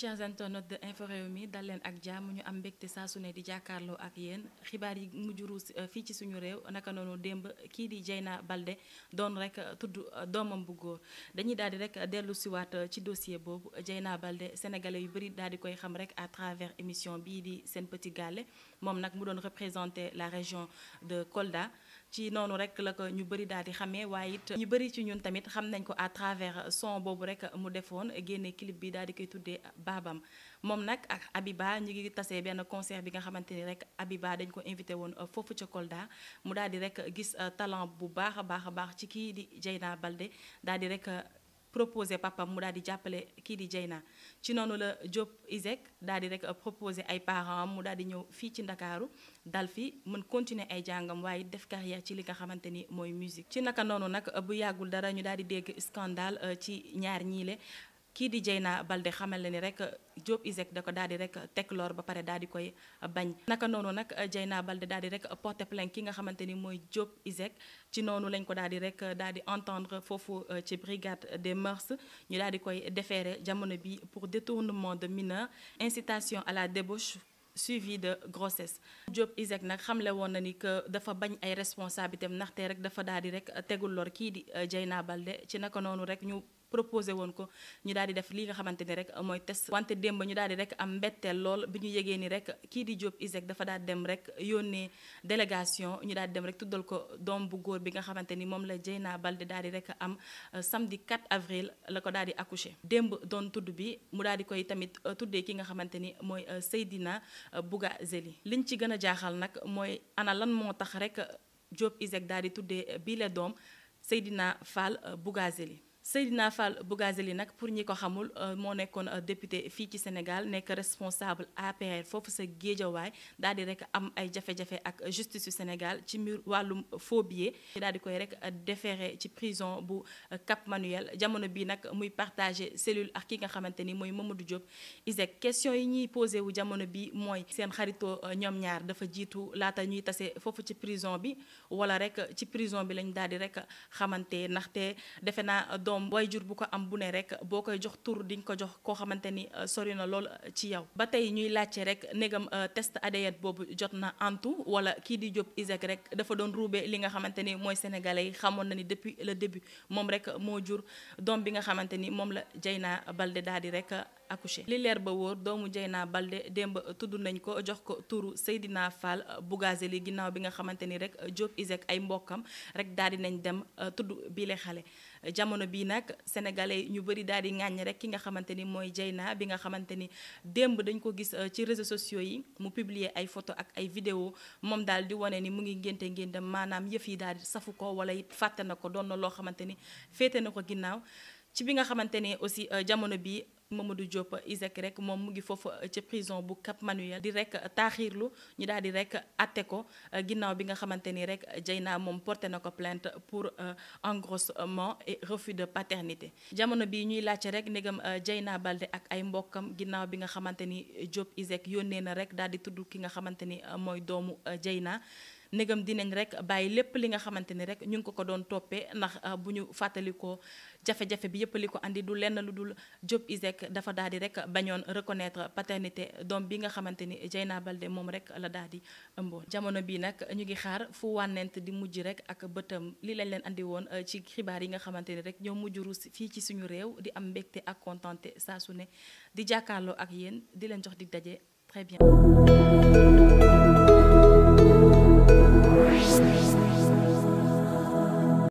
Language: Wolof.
chers internautes de Info Rewmi dal leen ak mu ñu am mbégte saa su ne di jàkkaarloo ak yéen xibaar yi mujj ruus euh, fii ci suñu réew naka noonu démb kii di Dieyna balde doon rek euh, tudd euh, doomam bu góor dañuy daal di rek dellu siwaat ci dossier boobu Dieyna balde sénégalais yu bëri daal di koy xam rek à travers émission bii di seen Petit Gallé moom nag mu doon représenter la région de Kolda ci noonu rek la ko ñu bëri daal di xamee waaye it ñu bëri ci ñun tamit xam nañ ko à travers son boobu rek mu defoon génne clip bi daal di koy tuddee baabam moom nag ak Abiba ñu ngi benn concert bi nga xamante ni rek Abiba dañ ko invité woon euh, foofu ca Kolda mu daal di rek euh, gis euh, talent bu baax a baax a baax ci kii di Dieyna Baldé daal di rek proposé papam mu daal di jàppale kii di Dieyna ci noonu la Diop Isaac daal di rek proposé ay parents am mu daal di ñëw fii ci Ndakaaru dal fi mën continuer ay jàngam waaye def carrière ci li nga xamante ni mooy musique ci naka noonu nag bu yàggul dara ñu daal dégg scandale ci ñaar ñiile kii di Dieyna Baldé xamal la ni rek Diop ISEC da ko daal di rek teg lor ba pare daal di koy bañ naka noonu nag euh, Dieyna Baldé daal di rek porter plainte ki nga xamante ni mooy Diop ISEC ci noonu lañ ko daal di rek euh, daal di entendre foofu euh, ci brigade des mœurs ñu daal di koy déférer jamono bi pour détournement de mineur incitation à la débauche suivi de grossesse Diop ISEC nag xamle woon na ni que dafa bañ ay responsabilités am ndaxte rek dafa daal di rek tegul lor kii di Dieyna Baldé ci naka proposé woon ko ñu daal di def li nga xamante ni rek mooy test wante démb ñu daal di rek am mbetteel lool bi ñu yegee ni rek kii di Diop ISEC dafa daal dem rek yónnee délégation ñu daal di dem rek tuddal ko doom bu góor bi nga xamante ni moom la Dieyna Baldé daal di rek am euh, samedi quate avril la ko daal di accouché démb doon tudd bi mu daal di koy tamit euh, tuddee ki nga xamante ni mooy euh, Seydina li liñ ci gën a jaaxal nag mooy ana lan moo tax rek Diop ISEC daal di tuddee bii la doom Seydina Fall Bougazeli Seydina Fall Bougazelli nag pour ñi ko xamul euh, moo nekkoon euh, député fii ci Sénégal nekk responsable APR foofu sa géejawaay daal di rek am ay jafe-jafe ak justice yu Sénégal ci mbir wàllum faux daal di koy rek euh, déféré ci prison bu Cap Manuel jamono bi nag muy partagé cellule ak ki nga xamante ni mooy Mamadou Diop ISEG question yi ñuy posé wu jamono bi mooy seen xaritoo ñoom ñaar dafa jiitu laata ñuy tase foofu ci prison bi wala rek ci prison bi lañ daal di rek xamante ndaxte defe naa doom jur bu ko am bu ne rek boo koy jox tur diñ ko jox koo xamante ni euh, sori na lool euh, ci yow ba tey ñuy laajte rek négam euh, test ADN boobu jot na antu wala kii di Diop Isaac rek dafa doon ruube li nga xamante ni mooy sénégalais yi xamoon na ni depuis le début moom rek moo jur doom bi nga xamante ni moom la Dieyna Baldé daal di rek accouché li leer ba wóor doomu Dieyna Baldé démb tudd nañ ko jox ko turu Seydina Fall Bougazelli ginnaaw bi nga xamante ni rek Diop Isaac ay mbokkam rek daal di nañ dem tudd bile xale jamono bii nag sénégalais ñu bëri daal di ŋàññ rek ki nga xamante ni mooy naa bi nga xamante ni démb dañ ko gis euh, ci réseaux sociaux yi mu publier ay photo ak ay vidéo moom daal di wane ni mu ngi ngénte ngénte maanaam yëf yi daal di safu ko wala fàtte na ko doon na loo xamante ni féete na ko ginnaaw ci bi nga xamante ni aussi euh, jamono bi Mamadou Diop Isaac rek moom mu ngi foofu euh, ci prison bu Cap Manuel di rek euh, taaxiirlu ñu daal di rek euh, atte ko ginnaaw bi nga xamante ni rek Dieyna moom porté na ko plainte pour engrossement et refus de paternité jamono bi ñuy laajte rek ndegam Dieyna Baldé ak ay mbokkam ginnaaw bi nga xamante ni Diop Isaac yónnee na rek daal di tudd ki nga xamante ni mooy doomu Dieyna ndegam dinañ rek bàyyi lépp li nga xamante ni rek ñu ngi ko ko doon toppee ndax euh, bu ñu fàttalikoo jafe-jafe bi yëpp li ko indi du lenn lu dul Diop ISEG dafa daal di rek bañoon reconnaître paternité doom bi nga xamante ni Dieyna Baldé moom rek la daal di ëmboon. jamono bii nag ñu ngi xaar fu wànnent di mujj rek ak bëtam li lañ leen indi woon euh, ci xibaar yi nga xamante ni rek ñoo mujj ruus fii ci suñu réew di am mbégte ak kontante saa su ne di jàkkaarloo ak yéen di leen jox dig daje très